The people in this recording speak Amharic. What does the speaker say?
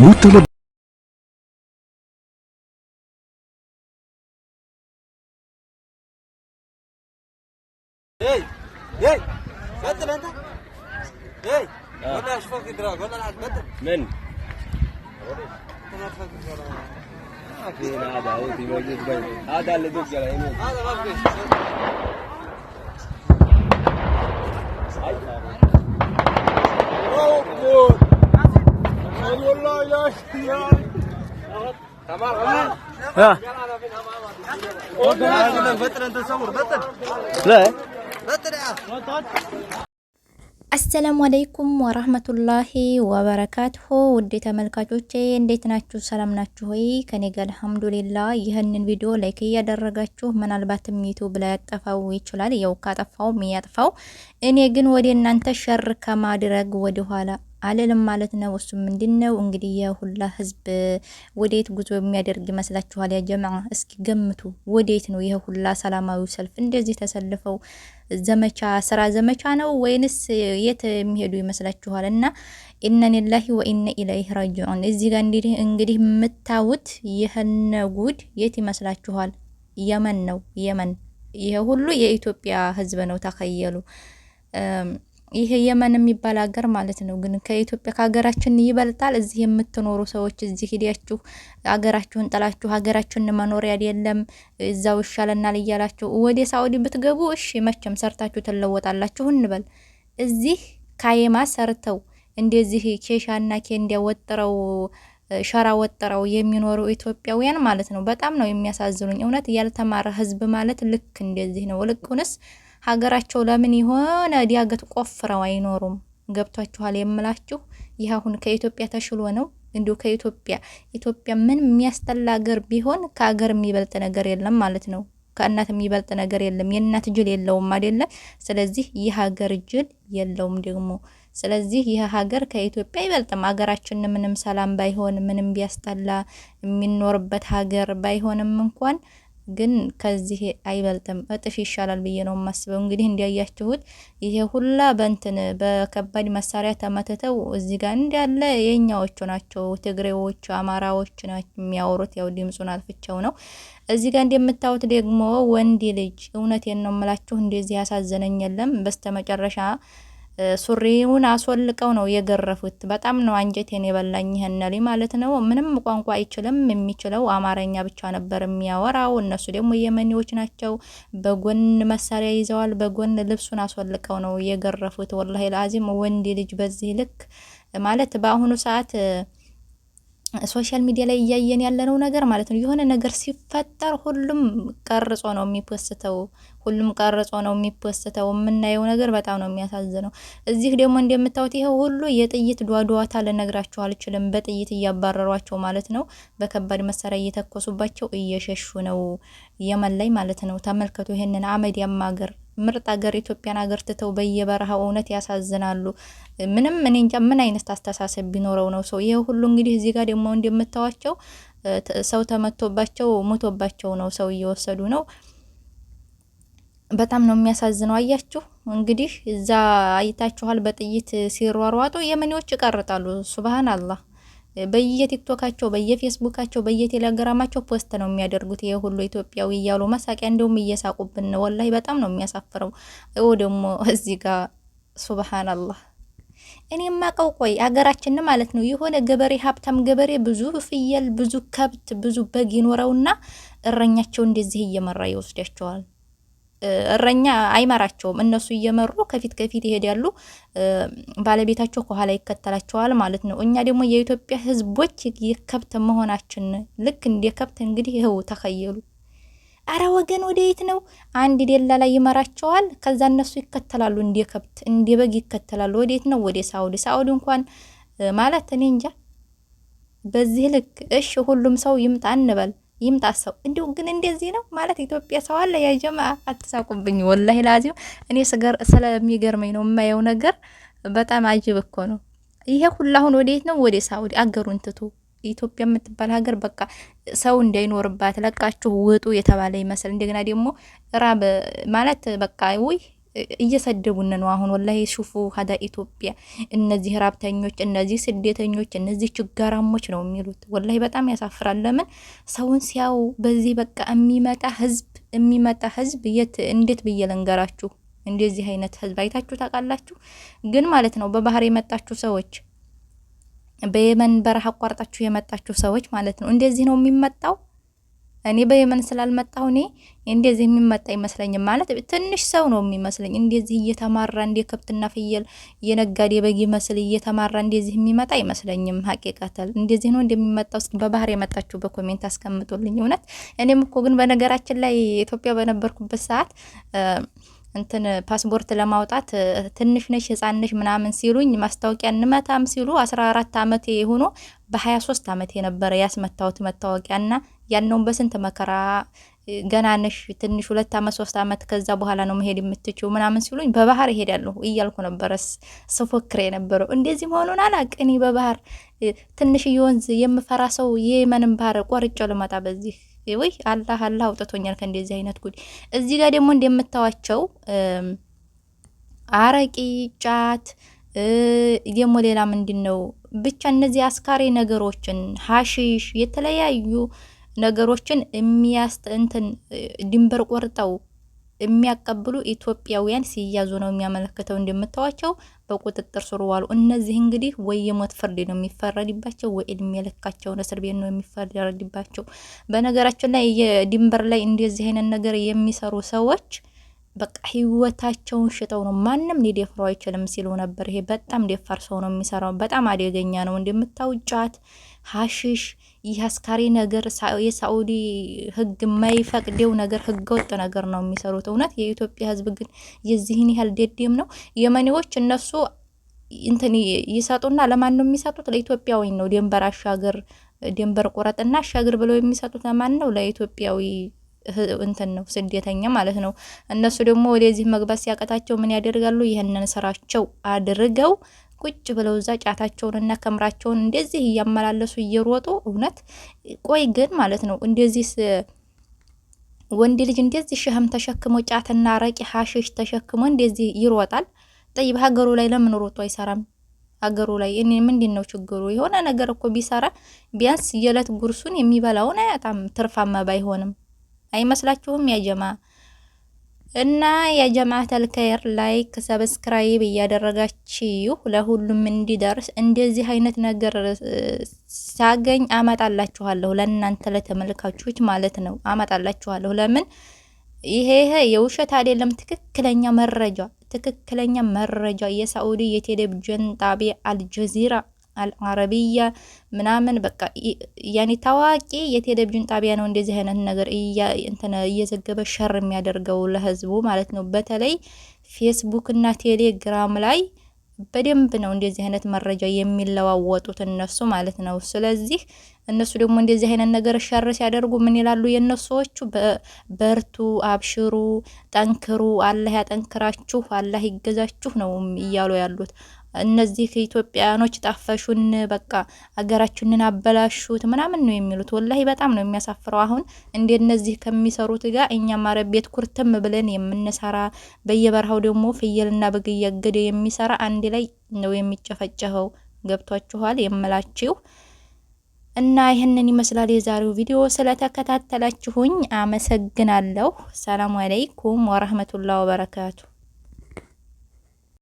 مطلب ايه ايه بدل انت ايه ولا اشوفك دراج ولا العب بدل من فين هذا هو في موجود بين هذا اللي دق على يمين هذا ما فيش Oh, good. አሰላሙ አለይኩም ወራህመቱላሂ ወበረካቱሁ። ውድ ተመልካቾቼ እንዴት ናችሁ? ሰላም ናችሁ ሆይ? ከኔ ጋር አልሐምዱሊላ። ይህንን ቪዲዮ ላይክ እያደረጋችሁ ምናልባትም ዩቱብ ላይ ያጠፋው ይችላል። ያው ካጠፋው ያጥፋው። እኔ ግን ወደ እናንተ ሸር ከማድረግ ወደኋላ አለልም ማለት ነው። እሱ ምንድን ነው እንግዲህ የሁላ ህዝብ ወዴት ጉዞ የሚያደርግ ይመስላችኋል? ያ ጀማዓ እስኪ ገምቱ፣ ወዴት ነው ይሄ ሁላ ሰላማዊ ሰልፍ እንደዚህ ተሰልፈው ዘመቻ ስራ ዘመቻ ነው ወይንስ የት የሚሄዱ ይመስላችኋል? እና ኢና ወኢነ ኢለይሂ ራጂዑን። እዚህ ጋር እንግዲህ እንግዲህ የምታዩት ይህነ ጉድ የት ይመስላችኋል? የመን ነው የመን። ይሄ ሁሉ የኢትዮጵያ ህዝብ ነው። ተከየሉ ይሄ የመን የሚባል ሀገር ማለት ነው። ግን ከኢትዮጵያ ከሀገራችን ይበልጣል። እዚህ የምትኖሩ ሰዎች እዚህ ሂዳችሁ ሀገራችሁን ጥላችሁ ሀገራችን መኖር አይደለም እዛው ይሻለናል እያላችሁ ወደ ሳኡዲ ብትገቡ እሺ፣ መቼም ሰርታችሁ ትለወጣላችሁ እንበል። እዚህ ካየማ ሰርተው እንደዚህ ኬሻና ኬንዲያ ወጥረው ሸራ ወጥረው የሚኖሩ ኢትዮጵያውያን ማለት ነው በጣም ነው የሚያሳዝኑኝ። እውነት ያልተማረ ህዝብ ማለት ልክ እንደዚህ ነው። ልቁንስ ሀገራቸው ለምን የሆነ ዲያገት ቆፍረው አይኖሩም? ገብቷችኋል የምላችሁ ይህ አሁን ከኢትዮጵያ ተሽሎ ነው። እንዲሁ ከኢትዮጵያ ኢትዮጵያ ምን የሚያስጠላ ሀገር ቢሆን ከሀገር የሚበልጥ ነገር የለም ማለት ነው። ከእናት የሚበልጥ ነገር የለም። የእናት ጅል የለውም አይደለም። ስለዚህ ይህ ሀገር ጅል የለውም ደግሞ ስለዚህ ይህ ሀገር ከኢትዮጵያ አይበልጥም። ሀገራችን ምንም ሰላም ባይሆን ምንም ቢያስጠላ የሚኖርበት ሀገር ባይሆንም እንኳን ግን ከዚህ አይበልጥም እጥፍ ይሻላል ብዬ ነው የማስበው። እንግዲህ እንዲያያችሁት ይሄ ሁላ በእንትን በከባድ መሳሪያ ተመትተው እዚህ ጋር እንዳለ የኛዎቹ ናቸው፣ ትግሬዎቹ፣ አማራዎች ናቸው የሚያወሩት። ያው ድምፁን አልፍቸው ነው። እዚህ ጋር እንደምታዩት ደግሞ ወንድ ልጅ እውነቴን ነው የምላችሁ እንደዚህ ያሳዘነኝ የለም በስተመጨረሻ ሱሪውን አስወልቀው ነው የገረፉት። በጣም ነው አንጀቴን የበላኝ ይህነሊ ማለት ነው። ምንም ቋንቋ አይችልም። የሚችለው አማርኛ ብቻ ነበር የሚያወራው። እነሱ ደግሞ የመኔዎች ናቸው። በጎን መሳሪያ ይዘዋል። በጎን ልብሱን አስወልቀው ነው የገረፉት። ወላሂ ለአዚም ወንድ ልጅ በዚህ ልክ ማለት በአሁኑ ሰዓት ሶሻል ሚዲያ ላይ እያየን ያለነው ነገር ማለት ነው። የሆነ ነገር ሲፈጠር ሁሉም ቀርጾ ነው የሚፖስተው፣ ሁሉም ቀርጾ ነው የሚፖስተው። የምናየው ነገር በጣም ነው የሚያሳዝነው። እዚህ ደግሞ እንደምታዩት ይሄ ሁሉ የጥይት ዷዷታ ልነግራችሁ አልችልም። በጥይት እያባረሯቸው ማለት ነው፣ በከባድ መሳሪያ እየተኮሱባቸው እየሸሹ ነው የመን ላይ ማለት ነው። ተመልከቱ ይህንን አመድ ያማገር ምርጥ ሀገር ኢትዮጵያን ሀገር ትተው በየበረሃው እውነት ያሳዝናሉ። ምንም እኔ እንጃ ምን አይነት አስተሳሰብ ቢኖረው ነው ሰው ይሄ ሁሉ እንግዲህ እዚህ ጋር ደግሞ እንደምታዋቸው ሰው ተመቶባቸው ሞቶባቸው ነው ሰው እየወሰዱ ነው። በጣም ነው የሚያሳዝነው። አያችሁ እንግዲህ እዛ አይታችኋል፣ በጥይት ሲሯሯጡ የመኔዎች ይቀርጣሉ። ሱብሃን አላህ በየቲክቶካቸው በየፌስቡካቸው በየቴሌግራማቸው ፖስት ነው የሚያደርጉት። ይሄ ሁሉ ኢትዮጵያዊ እያሉ መሳቂያ፣ እንደውም እየሳቁብን ነው። ወላሂ በጣም ነው የሚያሳፍረው። ኦ ደግሞ እዚህ ጋር ሱብሃናላህ። እኔ ማቀው ቆይ አገራችን ማለት ነው የሆነ ገበሬ ሀብታም ገበሬ ብዙ ፍየል፣ ብዙ ከብት፣ ብዙ በግ ይኖረውና እረኛቸው እንደዚህ እየመራ ይወስዳቸዋል። እረኛ አይመራቸውም። እነሱ እየመሩ ከፊት ከፊት ይሄዳሉ፣ ባለቤታቸው ከኋላ ይከተላቸዋል ማለት ነው። እኛ ደግሞ የኢትዮጵያ ሕዝቦች የከብት መሆናችን ልክ እንደ ከብት እንግዲህ ይኸው ተከየሉ። አረ ወገን ወደየት ነው? አንድ ደላላ ይመራቸዋል፣ ከዛ እነሱ ይከተላሉ፣ እንደ ከብት እንደ በግ ይከተላሉ። ወደየት ነው? ወደ ሳውዲ። ሳውዲ እንኳን ማለት እኔ እንጃ በዚህ ልክ እሺ፣ ሁሉም ሰው ይምጣ እንበል ይምታሰው እንዲሁ ግን እንደዚህ ነው ማለት ኢትዮጵያ ሰው አለ። ያ አትሳቁብኝ፣ ወላሂ ላዚም እኔ ስገር ስለሚገርመኝ ነው የማየው ነገር በጣም አጅብ እኮ ነው። ይሄ ሁሉ አሁን ወዴት ነው? ወደ ሳውዲ አገሩን ትቶ ኢትዮጵያ የምትባል ሀገር በቃ ሰው እንዳይኖርባት ለቃችሁ ውጡ የተባለ ይመስል እንደገና ደግሞ ራብ ማለት በቃ ውይ እየሰደቡን ነው አሁን ወላሂ ሹፉ ሀዳ ኢትዮጵያ እነዚህ ራብተኞች፣ እነዚህ ስደተኞች፣ እነዚህ ችጋራሞች ነው የሚሉት። ወላሂ በጣም ያሳፍራል። ለምን ሰውን ሲያው በዚህ በቃ የሚመጣ ህዝብ የሚመጣ ህዝብ የት እንዴት ብዬ ልንገራችሁ? እንደዚህ አይነት ህዝብ አይታችሁ ታውቃላችሁ? ግን ማለት ነው በባህር የመጣችሁ ሰዎች በየመን በረሃ አቋርጣችሁ የመጣችሁ ሰዎች ማለት ነው እንደዚህ ነው የሚመጣው እኔ በየመን ስላልመጣሁ እኔ እንደዚህ የሚመጣ አይመስለኝም። ማለት ትንሽ ሰው ነው የሚመስለኝ። እንደዚህ እየተማራ እንደ ከብትና ፍየል የነጋዴ በግ ይመስል እየተማራ እንደዚህ የሚመጣ አይመስለኝም። ሀቂቀተል እንደዚህ ነው እንደሚመጣው። እስኪ በባህር የመጣችሁ በኮሜንት አስቀምጡልኝ። እውነት እኔም እኮ ግን በነገራችን ላይ ኢትዮጵያ በነበርኩበት ሰዓት እንትን ፓስፖርት ለማውጣት ትንሽ ነሽ ህጻን ነሽ ምናምን ሲሉኝ ማስታወቂያ እንመታም ሲሉ አስራ አራት አመቴ ሆኖ በሀያ ሶስት አመቴ ነበረ ያስመታሁት መታወቂያና ያነውን በስንት መከራ ገና ነሽ ትንሽ ሁለት አመት ሶስት አመት ከዛ በኋላ ነው መሄድ የምትችው ምናምን ሲሉኝ በባህር ይሄዳለሁ እያልኩ ነበረ ስፎክር የነበረው። እንደዚህ መሆኑን አላቅ። እኔ በባህር ትንሽ የወንዝ የምፈራ ሰው የየመንን ባህር ቆርጬው ልመጣ በዚህ ወይ አላህ አላህ አውጥቶኛል ከእንደዚህ አይነት ጉድ። እዚህ ጋር ደግሞ እንደምታዋቸው አረቂ፣ ጫት ደግሞ ሌላ ምንድን ነው ብቻ እነዚህ አስካሪ ነገሮችን ሀሺሽ የተለያዩ ነገሮችን የሚያስተ እንትን ድንበር ቆርጠው የሚያቀብሉ ኢትዮጵያውያን ሲያዙ ነው የሚያመለክተው። እንደምታዋቸው በቁጥጥር ስር ዋሉ። እነዚህ እንግዲህ ወይ የሞት ፍርድ ነው የሚፈረድባቸው፣ ወይ እድሜ ልካቸውን እስር ቤት ነው የሚፈረድባቸው። በነገራችን ላይ የድንበር ላይ እንደዚህ አይነት ነገር የሚሰሩ ሰዎች በቃ ህይወታቸውን ሽጠው ነው ማንም ሊደፍረው አይችልም ሲሉ ነበር። ይሄ በጣም ደፋር ሰው ነው የሚሰራው። በጣም አደገኛ ነው እንደምታውጫት ጫት፣ ሀሽሽ፣ ይህ አስካሪ ነገር የሳኡዲ ህግ የማይፈቅደው ነገር ህገ ወጥ ነገር ነው የሚሰሩት። እውነት የኢትዮጵያ ህዝብ ግን የዚህን ያህል ደደም ነው። የመኔዎች እነሱ እንትን ይሰጡና ለማን ነው የሚሰጡት? ለኢትዮጵያዊ ነው። ድንበር አሻገር ድንበር ቁረጥና አሻገር ብለው የሚሰጡት ለማን ነው? ለኢትዮጵያዊ እንትን ነው ስደተኛ ማለት ነው። እነሱ ደግሞ ወደዚህ መግባት ሲያቀታቸው ምን ያደርጋሉ? ይህንን ስራቸው አድርገው ቁጭ ብለው እዛ ጫታቸውንና ከምራቸውን እንደዚህ እያመላለሱ እየሮጡ እውነት ቆይ ግን ማለት ነው እንደዚህ ወንድ ልጅ እንደዚህ ሸህም ተሸክሞ ጫትና ረቂ ሀሽሽ ተሸክሞ እንደዚህ ይሮጣል። ጠይብ ሀገሩ ላይ ለምን ሮጦ አይሰራም? ሀገሩ ላይ እኔ ምንድን ነው ችግሩ? የሆነ ነገር እኮ ቢሰራ ቢያንስ የዕለት ጉርሱን የሚበላውን አያጣም፣ ትርፋማ ባይሆንም አይመስላችሁም? ያጀማ እና የጀማዓተል ከይር ላይክ ሰብስክራይብ እያደረጋችሁ ለሁሉም እንዲደርስ እንደዚህ አይነት ነገር ሳገኝ አመጣላችኋለሁ። ለእናንተ ለተመልካቾች ማለት ነው አመጣላችኋለሁ። ለምን ይሄ ይሄ የውሸት አይደለም፣ ትክክለኛ መረጃ ትክክለኛ መረጃ የሳኡዲ የቴሌቪዥን ጣቢያ አልጀዚራ አልአረቢያ ምናምን በቃ ያኔ ታዋቂ የቴሌቪዥን ጣቢያ ነው እንደዚህ አይነት ነገር እየዘገበ ሸር የሚያደርገው ለህዝቡ ማለት ነው። በተለይ ፌስቡክ እና ቴሌግራም ላይ በደንብ ነው እንደዚህ አይነት መረጃ የሚለዋወጡት እነሱ ማለት ነው። ስለዚህ እነሱ ደግሞ እንደዚህ አይነት ነገር ሸር ሲያደርጉ ምን ይላሉ? የእነሱ ሰዎቹ በርቱ፣ አብሽሩ፣ ጠንክሩ፣ አላህ ያጠንክራችሁ፣ አላህ ይገዛችሁ ነው እያሉ ያሉት። እነዚህ ኢትዮጵያውያኖች ጣፈሹን፣ በቃ አገራችንን አበላሹት ምናምን ነው የሚሉት። ወላሂ በጣም ነው የሚያሳፍረው። አሁን እንደ እነዚህ ከሚሰሩት ጋር እኛም አረብ ቤት ኩርትም ብለን የምንሰራ በየበረሃው ደግሞ ፍየልና በግ እያገደ የሚሰራ አንድ ላይ ነው የሚጨፈጨፈው። ገብቷችኋል የምላችሁ እና ይህንን ይመስላል የዛሬው ቪዲዮ። ስለተከታተላችሁኝ አመሰግናለሁ። ሰላም አለይኩም ወራህመቱላሂ ወበረካቱ።